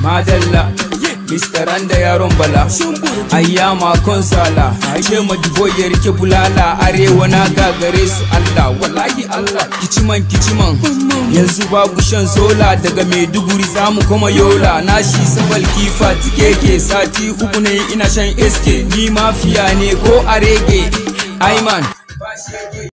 Madalla, Mr. Randa yaron bala, ayyama konsala, Sala, madibo ya rike bulala, arewa na gagare su Allah, wallahi Allah, kiciman kiciman, yanzu babu shan sola daga Maiduguri zamu kuma yola, nashi shi sabal kifa tikeke sati uku ne ina shan SK, ni mafiya ne ko arege, rege,